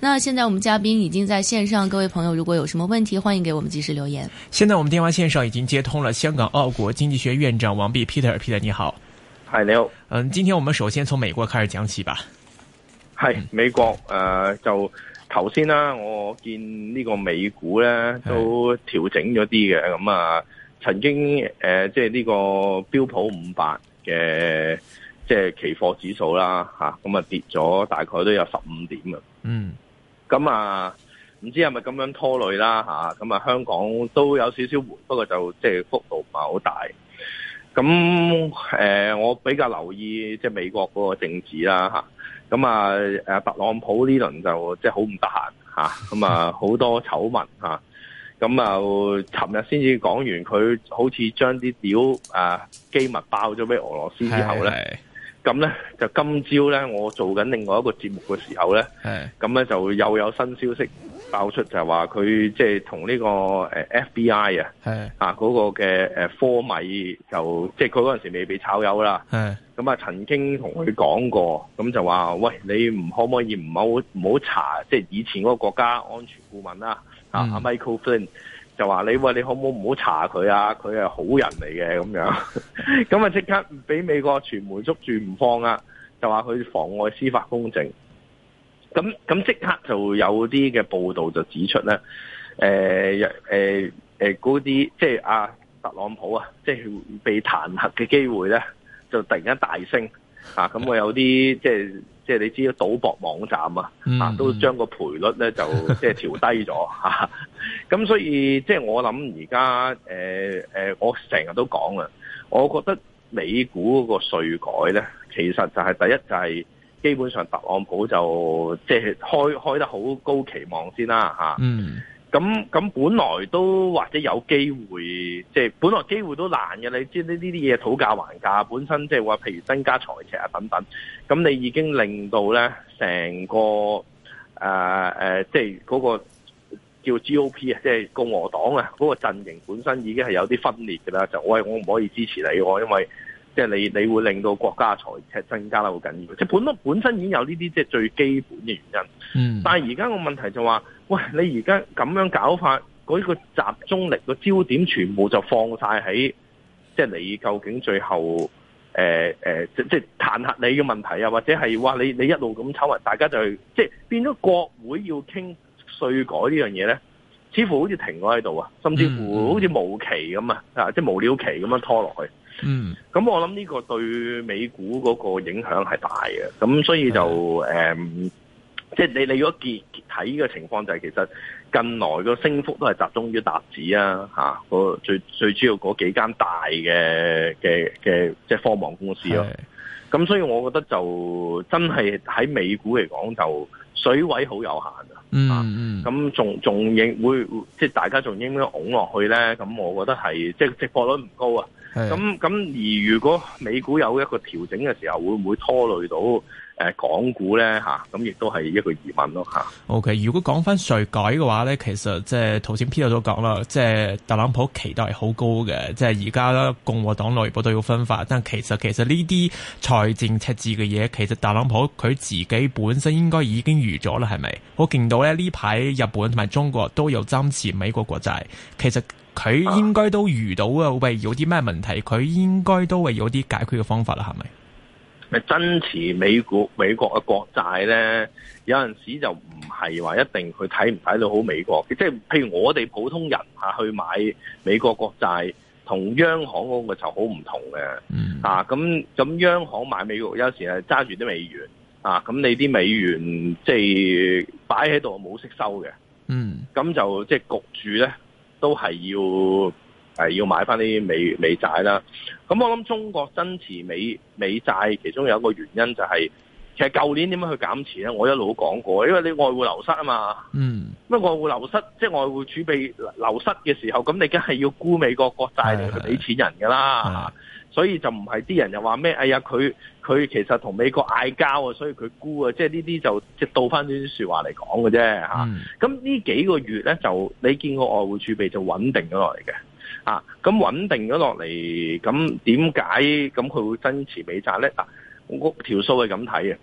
那現在我們嘉賓已經在線上，各位朋友如果有什麼問題，歡迎給我們及時留言。現在我們電話線上已經接通了香港澳國經濟學院長王弼 Peter，Peter 你好，係你好，嗯，今天我們首先從美國開始講起吧。係、嗯、美國呃，就頭先啦，我見呢個美股呢都調整咗啲嘅，咁、嗯、啊、嗯，曾經呃，即係呢個標普五百嘅。呃即係期貨指數啦，吓咁啊跌咗大概都有十五點啊。嗯，咁啊唔知係咪咁樣拖累啦，吓咁啊,啊香港都有少少回，不過就即係幅度唔係好大。咁、啊、誒，我比較留意即係美國嗰個政治啦，吓咁啊誒，特朗普呢輪就即係、啊啊 啊、好唔得閒吓，咁啊好多醜聞吓，咁啊尋日先至講完，佢好似將啲料誒機密爆咗俾俄羅斯之後咧。咁咧就今朝咧，我做緊另外一個節目嘅時候咧，咁咧就又有新消息爆出，就係話佢即係同呢個 FBI 啊，啊嗰個嘅科米就即係佢嗰陣時未被炒魷啦，咁啊曾經同佢講過，咁就話喂，你唔可唔可以唔好唔好查即係以前嗰個國家安全顧問啦啊，嗯、啊 Michael Flynn。就話你喂，你好唔好唔好查佢啊？佢係好人嚟嘅咁樣，咁啊即刻俾美國傳媒捉住唔放啊！就話佢妨礙司法公正，咁咁即刻就有啲嘅報道就指出咧，誒誒誒，嗰啲即係啊特朗普啊，即係被彈劾嘅機會咧，就突然間大升啊！咁我有啲即係。就是即、就、係、是、你知道賭博網站啊，啊，都將個賠率咧就即係調低咗咁、 啊、所以即係、就是、我諗而家我成日都講啊，我覺得美股嗰個稅改咧，其實就係第一就係、是、基本上特朗普就即係、就是、開開得好高期望先啦、啊 咁咁，本來都或者有機會，即、就、係、是、本來機會都難嘅。你知呢呢啲嘢討價還價，本身即係話，譬如增加財赤啊等等，咁你已經令到咧成個誒即係嗰個叫 GOP 啊，即係共和黨啊，嗰個陣營本身已經係有啲分裂嘅啦。就喂，我唔可以支持你喎，因為。即係你，你會令到國家嘅財赤增加咧，好緊要。即係本來本身已經有呢啲，即係最基本嘅原因。嗯。但係而家個問題就話，喂，你而家咁樣搞法，嗰、嗰個集中力、個焦點，全部就放晒喺，即係你究竟最後，誒、呃、誒、呃，即即彈劾你嘅問題啊，或者係話你你一路咁抽埋，大家就去即係變咗國會要傾稅改呢樣嘢咧，似乎好似停咗喺度啊，甚至乎好似無期咁啊，啊，即係無了期咁樣拖落去。嗯，咁我諗呢個對美股嗰個影響係大嘅，咁所以就誒、嗯，即係你你如果結睇嘅情況就係，其實近來個升幅都係集中於達指啊，吓、啊，嗰最最主要嗰幾間大嘅嘅嘅即係科網公司咯、啊。咁所以我覺得就真係喺美股嚟講就水位好有限啊。嗯嗯，咁仲仲應會即係大家仲應該拱落去咧？咁我覺得係即係值博率唔高啊。咁咁而如果美股有一個調整嘅時候，會唔會拖累到、呃、港股咧？咁、啊、亦都係一個疑問咯。O、okay, K，如果講翻稅改嘅話咧，其實即係頭先 P 友都講啦，即、就、係、是、特朗普期待好高嘅，即係而家咧共和黨內部都要分化，但係其實其實呢啲財政赤字嘅嘢，其實特朗普佢自己本身應該已經預咗啦，係咪？我見到咧呢排日本同埋中國都有增持美國國債，其實佢應該都遇到啊，喂，有啲咩問題？佢應該都會有啲解決嘅方法啦，係咪？咪增持美股美國嘅國債咧，有陣時就唔係話一定佢睇唔睇到好美國。即係譬如我哋普通人啊，去買美國國債，同央行嗰個就好唔同嘅。咁、嗯、咁、啊、央行買美國有時係揸住啲美元啊，咁你啲美元即係擺喺度冇息收嘅。嗯，咁就即係焗住咧。都係要係、啊、要買翻啲美美債啦，咁我諗中國增持美美債，其中有一個原因就係、是，其實舊年點樣去減持咧？我一路都講過，因為你外匯流失啊嘛，嗯，乜外匯流失即係外匯儲備流失嘅時候，咁你梗係要沽美國國債嚟去俾錢人噶啦。所以就唔係啲人又話咩？哎呀，佢佢其實同美國嗌交啊，所以佢沽啊，即係呢啲就即係倒翻啲說話嚟講嘅啫嚇。咁呢幾個月咧，就你見個外匯儲備就穩定咗落嚟嘅啊。咁穩定咗落嚟，咁點解咁佢會增持美債咧？啊，我條數係咁睇嘅。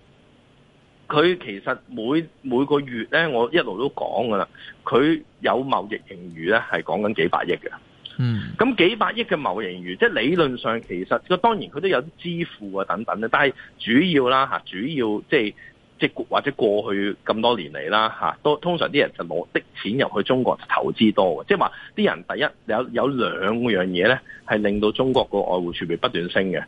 佢其實每每個月咧，我一路都講噶啦，佢有貿易盈餘咧，係講緊幾百億嘅。嗯，咁幾百億嘅貿盈餘，即係理論上其實個當然佢都有啲支付啊等等咧，但係主要啦吓，主要即係即或者過去咁多年嚟啦吓，都通常啲人就攞啲錢入去中國投資多嘅，即係話啲人第一有有兩樣嘢咧，係令到中國個外匯儲備不斷升嘅，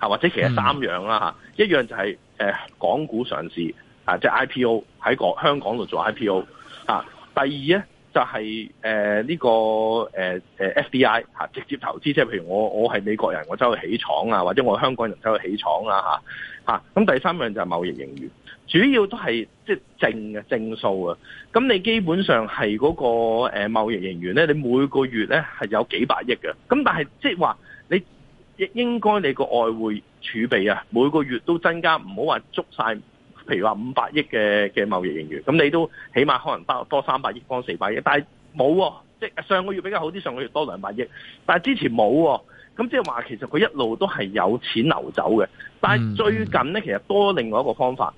吓或者其實三樣啦吓，嗯，一樣就係誒港股上市啊，即係 IPO 喺香港度做 IPO，第二咧，就係誒呢個誒 FDI 直接投資，即係譬如我我係美國人，我走去起廠啊，或者我香港人走去起廠啊嚇。咁第三樣就係貿易盈餘，主要都係即係正嘅正數啊。咁你基本上係嗰個貿易盈餘咧，你每個月咧係有幾百億嘅。咁但係即係話你應該你個外匯儲備啊，每個月都增加，唔好話捉曬。譬如話五百億嘅嘅貿易盈餘，咁你都起碼可能多多三百億多四百億，但係冇喎，即係上個月比較好啲，上個月多兩百億，但係之前冇喎，咁即係話其實佢一路都係有錢流走嘅，但係最近咧其實多另外一個方法，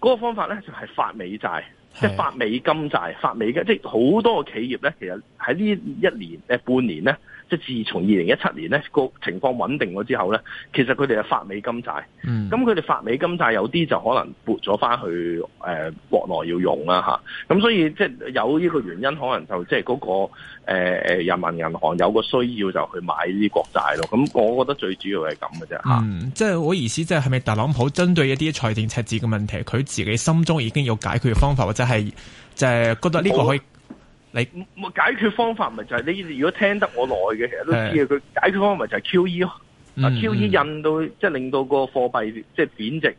嗰個方法咧就係發美債，即係發美金債，發美金，即係好多企業咧其實。喺呢一年誒半年咧，即係自從二零一七年咧個情況穩定咗之後咧，其實佢哋係發美金債，咁佢哋發美金債有啲就可能撥咗翻去誒、呃、國內要用啦嚇，咁、啊、所以即係有呢個原因，可能就即係、那、嗰個誒、呃、人民銀行有個需要就去買呢啲國債咯。咁我覺得最主要係咁嘅啫嚇。即、嗯、係、就是、我意思即係係咪特朗普針對一啲財政赤字嘅問題，佢自己心中已經有解決嘅方法，或者係就係、是、覺得呢個可以。你解決方法咪就係、是、你如果聽得我耐嘅，其實都知嘅。佢解決方法咪就係 QE 咯、嗯，啊 QE 印到即係、就是、令到個貨幣即係貶值，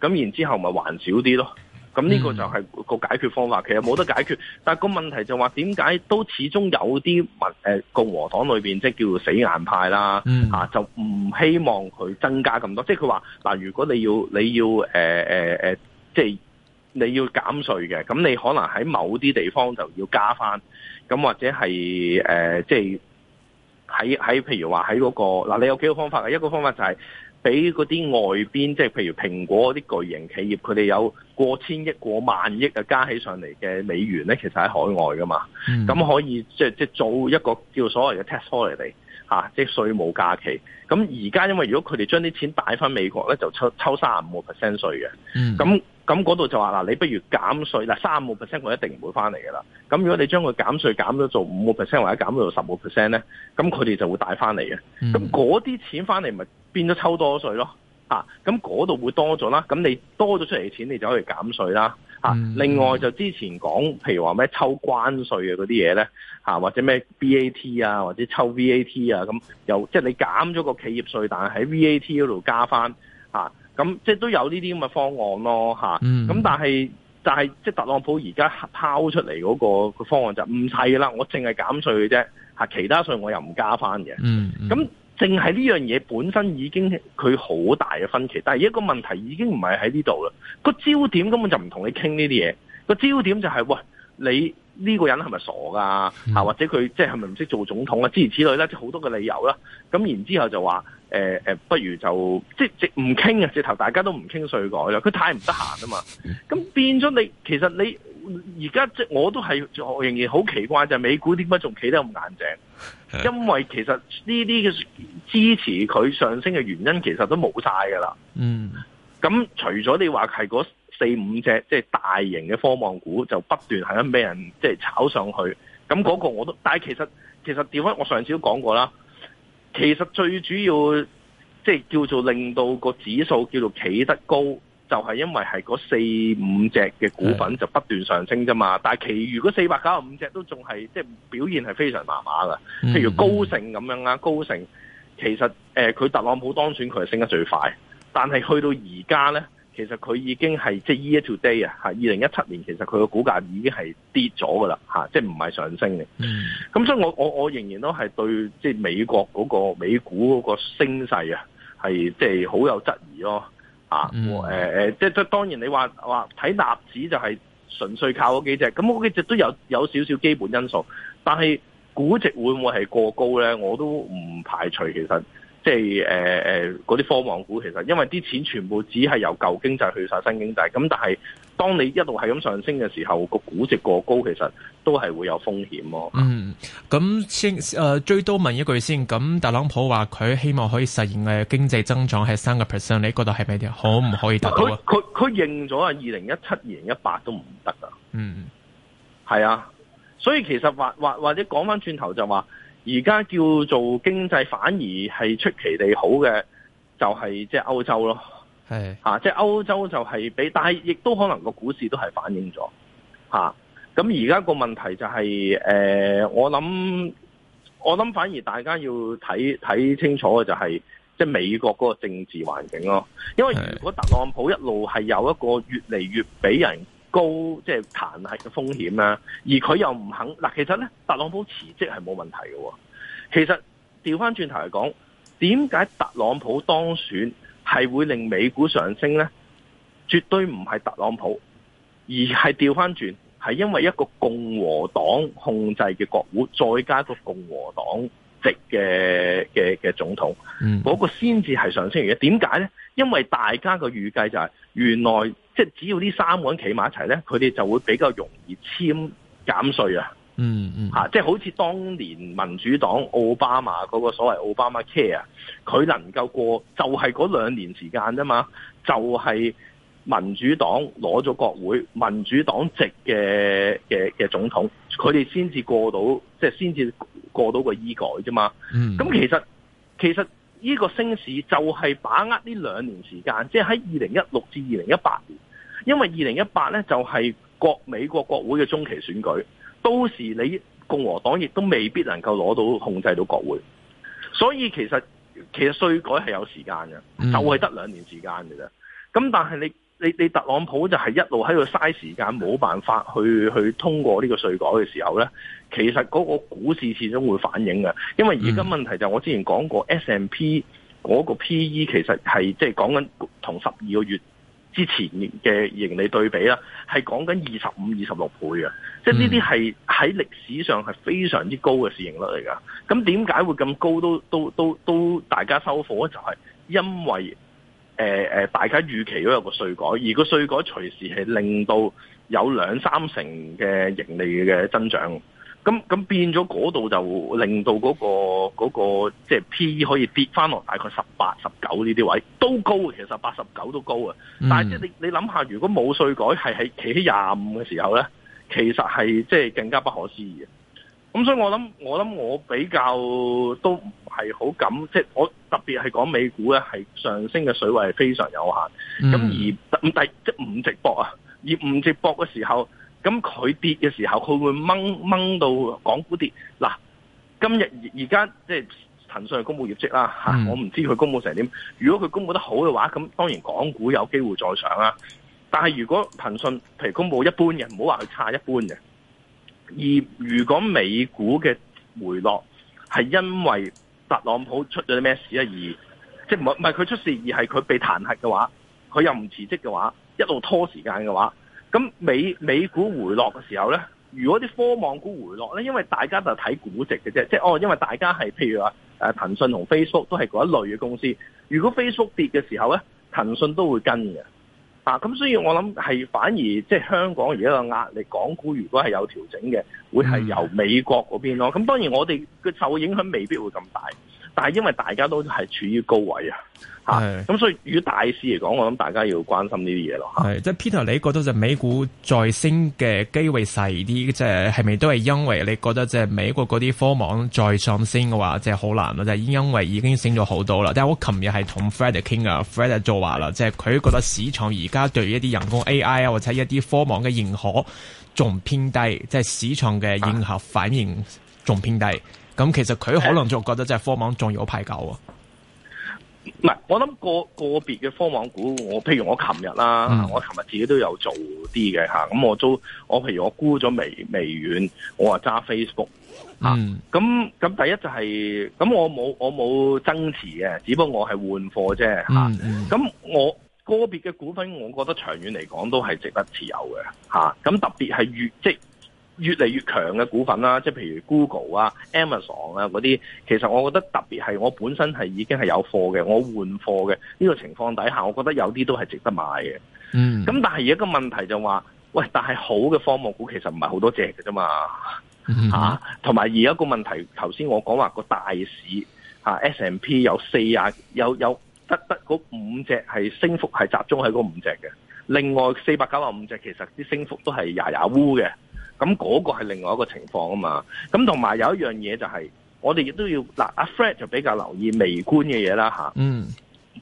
咁然之後咪還少啲咯。咁呢個就係個解決方法，嗯、其實冇得解決。但個問題就話點解都始終有啲民誒共和黨裏邊即係叫做死硬派啦，就唔、是嗯、希望佢增加咁多，即係佢話嗱，如果你要你要誒誒、呃呃呃、即係。你要減稅嘅，咁你可能喺某啲地方就要加翻，咁或者係誒，即係喺喺譬如話喺嗰個嗱，你有幾個方法嘅？一個方法就係俾嗰啲外邊，即係譬如蘋果嗰啲巨型企業，佢哋有過千億、過萬億嘅加起上嚟嘅美元咧，其實喺海外噶嘛，咁，嗯，可以即係即係做一個叫所謂嘅 tax holiday 即係稅務假期。咁而家因為如果佢哋將啲錢帶翻美國咧，就抽抽三十五個 percent 稅嘅，咁。咁嗰度就話嗱，你不如減稅嗱，三個 percent 我一定唔會翻嚟嘅啦。咁如果你將佢減稅減咗做五個 percent，或者減咗十個 percent 咧，咁佢哋就會帶翻嚟嘅。咁嗰啲錢翻嚟咪變咗抽多稅咯，嚇！咁嗰度會多咗啦。咁你多咗出嚟嘅錢，你就可以減稅啦，嚇！另外就之前講，譬如話咩抽關稅啊嗰啲嘢咧，嚇或者咩 B A T 啊或者抽 V A T 啊咁，又即係、就是、你減咗個企業稅，但係喺 V A T 嗰度加翻嚇。咁即係都有呢啲咁嘅方案咯，咁、嗯、但係但係即係特朗普而家拋出嚟嗰個方案就唔係啦，我淨係減稅嘅啫，其他稅我又唔加翻嘅。咁淨係呢樣嘢本身已經佢好大嘅分歧，但係而家個問題已經唔係喺呢度啦。個焦點根本就唔同你傾呢啲嘢，個焦點就係、是、喂你呢個人係咪傻㗎、嗯？或者佢即係係咪唔識做總統啊？諸如此類啦，即好多嘅理由啦。咁然之後就話。誒、呃、誒，不如就即係直唔傾啊！直頭大家都唔傾稅改啦，佢太唔得閒啊嘛。咁變咗你其實你而家即我都係仍然好奇怪就係、是、美股點解仲企得咁硬淨？因為其實呢啲嘅支持佢上升嘅原因其實都冇晒㗎啦。嗯，咁除咗你話係嗰四五隻即、就是、大型嘅科網股就不斷係咁俾人即炒上去，咁嗰個我都，但係其實其實調翻我上次都講過啦。其實最主要即係叫做令到個指數叫做企得高，就係、是、因為係嗰四五隻嘅股份就不斷上升啫嘛。但係其餘嗰四百九十五隻都仲係即係表現係非常麻麻噶。譬如高盛咁樣啊，高盛其實誒佢、呃、特朗普當選佢係升得最快，但係去到而家咧。其實佢已經係即 year to day 啊，嚇二零一七年其實佢個股價已經係跌咗噶啦，嚇即唔係上升嘅。咁、嗯、所以我我我仍然都係對即美國嗰個美股嗰個升勢啊，係即係好有質疑咯。嗯、啊，呃、即即當然你話話睇納指就係純粹靠嗰幾隻，咁嗰幾隻都有有少少基本因素，但係估值會唔會係過高咧？我都唔排除其實。即係誒誒嗰啲科網股，其實因為啲錢全部只係由舊經濟去晒新經濟，咁但係當你一路係咁上升嘅時候，個估值過高，其實都係會有風險咯、哦。嗯，咁先誒、呃，最多問一句先。咁特朗普話佢希望可以實現嘅經濟增長係三個 percent，你覺得係咪啲可唔可以達到？佢佢佢認咗啊，二零一七、二零一八都唔得噶。嗯，係啊，所以其實或或或者講翻轉頭就話。而家叫做經濟反而係出奇地好嘅，就係即係歐洲咯。係啊，即係歐洲就係比，但係亦都可能個股市都係反映咗。嚇，咁而家個問題就係，誒，我諗我諗反而大家要睇睇清楚嘅就係，即係美國嗰個政治環境咯。因為如果特朗普一路係有一個越嚟越俾人高即係彈劾嘅風險啦，而佢又唔肯嗱。其實咧，特朗普辭職係冇問題嘅。其實調翻轉頭嚟講，點解特朗普當選係會令美股上升咧？絕對唔係特朗普，而係調翻轉，係因為一個共和黨控制嘅國會再加一個共和黨籍嘅嘅嘅總統嗰、嗯嗰個先至係上升而嘅。點解咧？因為大家嘅預計就係、是、原來。即係只要呢三個人企埋一齊呢，佢哋就會比較容易簽減稅、嗯嗯、啊。嗯嗯，即係好似當年民主黨奧巴馬嗰、嗰個所謂奧巴馬 care，佢能夠過就係嗰兩年時間啫嘛，就係、係、民主黨攞咗國會，民主黨籍嘅嘅嘅總統，佢哋先至過到，即係先至過到個醫改啫嘛。咁、嗯嗯、其實其實呢個升市就係把握呢兩年時間，即係喺二零一六至二零一八年。因為二零一八咧，就係國美國國會嘅中期選舉，到時你共和黨亦都未必能夠攞到控制到國會，所以其實其實稅改係有時間嘅，就係得兩年時間嘅啫。咁但係你你你特朗普就係一路喺度嘥時間，冇辦法去去通過呢個稅改嘅時候咧，其實嗰個股市始終會反映嘅。因為而家問題就係我之前講過 S&P 嗰個 PE 其實係即係講緊同十二個月之前嘅盈利對比啦，係講緊二十五、二十六倍嘅，即係呢啲係喺歷史上係非常之高嘅市盈率嚟㗎。咁點解會咁高？都都都都，大家收貨就係、是、因為誒誒、呃，大家預期都有一個稅改，而個稅改隨時係令到有兩三成嘅盈利嘅增長。咁咁變咗嗰度就令到嗰、那個嗰、那個即係、就是、P E 可以跌翻落大概十八、十九呢啲位都高，其實八十九都高啊、嗯！但係、就、即、是、你你諗下，如果冇稅改係喺企喺廿五嘅時候咧，其實係即係更加不可思議嘅。咁所以我諗我諗我比較都唔係好敢，即、就、係、是、我特別係講美股咧，係上升嘅水位係非常有限。咁、嗯、而唔但即係唔直博啊，而唔直博嘅時候。咁佢跌嘅時候，佢會掹掹到港股跌。嗱，今日而家即係騰訊公布業績啦，吓，我唔知佢公布成點。如果佢公布得好嘅話，咁當然港股有機會再上啦。但係如果騰訊譬如公布一般嘅，唔好話佢差一般嘅。而如果美股嘅回落係因為特朗普出咗啲咩事啊，而即係唔係唔係佢出事，而係佢被彈劾嘅話，佢又唔辭職嘅話，一路拖時間嘅話。咁美美股回落嘅時候呢，如果啲科網股回落呢，因為大家就睇估值嘅啫，即係哦，因為大家係譬如話騰訊同 Facebook 都係嗰一類嘅公司，如果 Facebook 跌嘅時候呢，騰訊都會跟嘅，啊，咁所以我諗係反而即係香港而家個壓力，港股如果係有調整嘅，會係由美國嗰邊咯，咁、嗯、當然我哋嘅受影響未必會咁大。但係因為大家都係處於高位啊，吓，咁所以與大市嚟講，我諗大家要關心呢啲嘢咯。係即係 Peter，你覺得就美股再升嘅機會細啲，即係係咪都係因為你覺得即係美國嗰啲科網再上升嘅話，即係好難咯，就係、是、因為已經升咗好多啦。但係我琴日係同 Fred 傾啊，Fred 就做話啦，即係佢覺得市場而家對於一啲人工 AI 啊或者一啲科網嘅認可仲偏低，即、就、係、是、市場嘅認可反應仲偏低。咁其實佢可能就覺得即係科網仲有排九啊？唔係，我諗個個別嘅科網股，我譬如我琴日啦，我琴日自己都有做啲嘅吓。咁我都我譬如我沽咗微微軟，我話揸 Facebook、嗯啊。咁咁第一就係、是、咁，我冇我冇增持嘅，只不過我係換貨啫吓。咁我個別嘅股份，我覺得長遠嚟講都係值得持有嘅吓。咁特別係月即。越嚟越強嘅股份啦，即係譬如 Google 啊、Amazon 啊嗰啲，其實我覺得特別係我本身係已經係有貨嘅，我換貨嘅呢、這個情況底下，我覺得有啲都係值得買嘅。嗯，咁但係而家個問題就話、是，喂，但係好嘅科目股其實唔係好多隻嘅啫嘛，吓、嗯，同埋而家個問題，頭先我講話個大市吓、啊、S&P 有四十有有得得嗰五隻係升幅係集中喺嗰五隻嘅，另外四百九十五隻其實啲升幅都係牙牙烏嘅。咁、那、嗰個係另外一個情況啊嘛，咁同埋有一樣嘢就係、是，我哋亦都要嗱，阿、啊、Fred 就比較留意微觀嘅嘢啦吓，嗯、mm. 啊。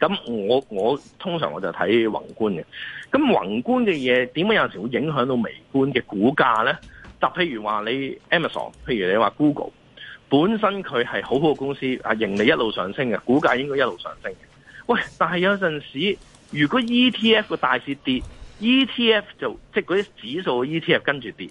咁我我通常我就睇宏觀嘅，咁宏觀嘅嘢點解有陣時會影響到微觀嘅股價咧？就譬如話你 Amazon，譬如你話 Google，本身佢係好好嘅公司，啊盈利一路上升嘅，股價應該一路上升嘅。喂，但係有陣時，如果 ETF 個大市跌，ETF 就即係嗰啲指數 ETF 跟住跌。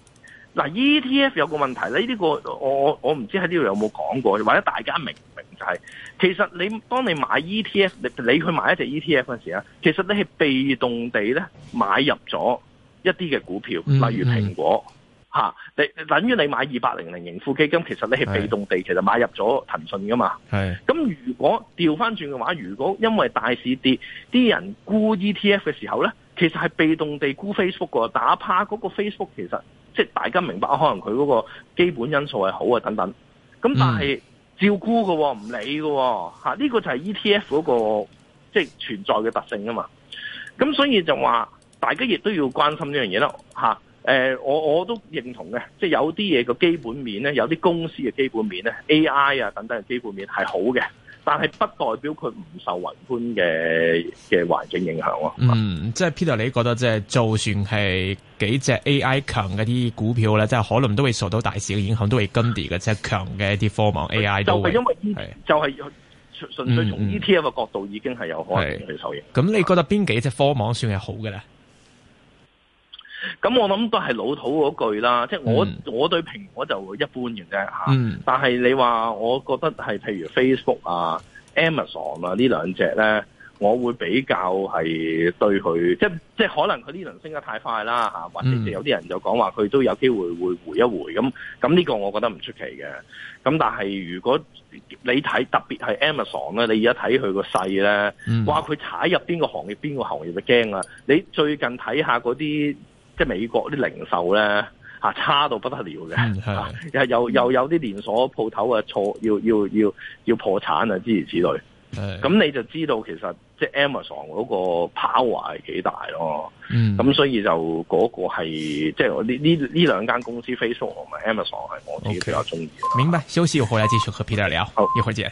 嗱，ETF 有個問題咧，呢、呢個我我唔知喺呢度有冇講過，或者大家明唔明就係、係，其實你當你買 ETF，你你去買一隻 ETF 嗰時候，其實你係被動地咧買入咗一啲嘅股票、嗯，例如蘋果吓、嗯啊、你等於你買二八零零盈富基金，其實你係被動地其實買入咗騰訊噶嘛。係。咁如果調翻轉嘅話，如果因為大市跌，啲人沽 ETF 嘅時候咧？其實係被動地沽 Facebook 喎。打趴嗰個 Facebook 其實即係大家明白，可能佢嗰個基本因素係好啊等等。咁但係照沽嘅，唔理㗎喎。呢個就係 ETF 嗰個即係存在嘅特性啊嘛。咁所以就話大家亦都要關心呢樣嘢啦嚇。誒，我我都認同嘅，即係有啲嘢個基本面咧，有啲公司嘅基本面咧，AI 啊等等嘅基本面係好嘅。但係不代表佢唔受宏觀嘅嘅環境影響啊！嗯，即係 Peter，你覺得即係就算係幾隻 AI 強嘅啲股票咧，即係可能都會受到大市嘅影響，都會跟住嘅，即係強嘅一啲科網 AI 都會、就係、是、因為就係、是、純粹從 ETF 嘅角度，已經係有可能去受益。咁你覺得邊幾隻科網算係好嘅咧？咁我諗都係老土嗰句啦，嗯、即係我我對蘋果就會一般嘅啫、啊嗯、但係你話，我覺得係譬如 Facebook 啊、Amazon 啊兩呢兩隻咧，我會比較係對佢，即即係可能佢呢輪升得太快啦、啊、或者有啲人就講話佢都有機會會回一回咁。咁、嗯、呢、嗯嗯呢個我覺得唔出奇嘅。咁、嗯、但係如果你睇特別係 Amazon 咧、啊，你而家睇佢個勢咧，話佢踩入邊個行業，邊個行業就驚啊！你最近睇下嗰啲。即係美國啲零售咧，吓、啊、差到不得了嘅，嗯啊，又又又有啲連鎖鋪頭啊，錯要要要要破產啊，諸如此類。咁你就知道其實即係 Amazon 嗰個 power 係幾大咯。咁、嗯、所以就嗰個係即係呢呢呢兩間公司，Facebook 同埋 Amazon 係我自己比較中意。Okay，明白，休息回來繼續和 Peter 聊，好一會兒見。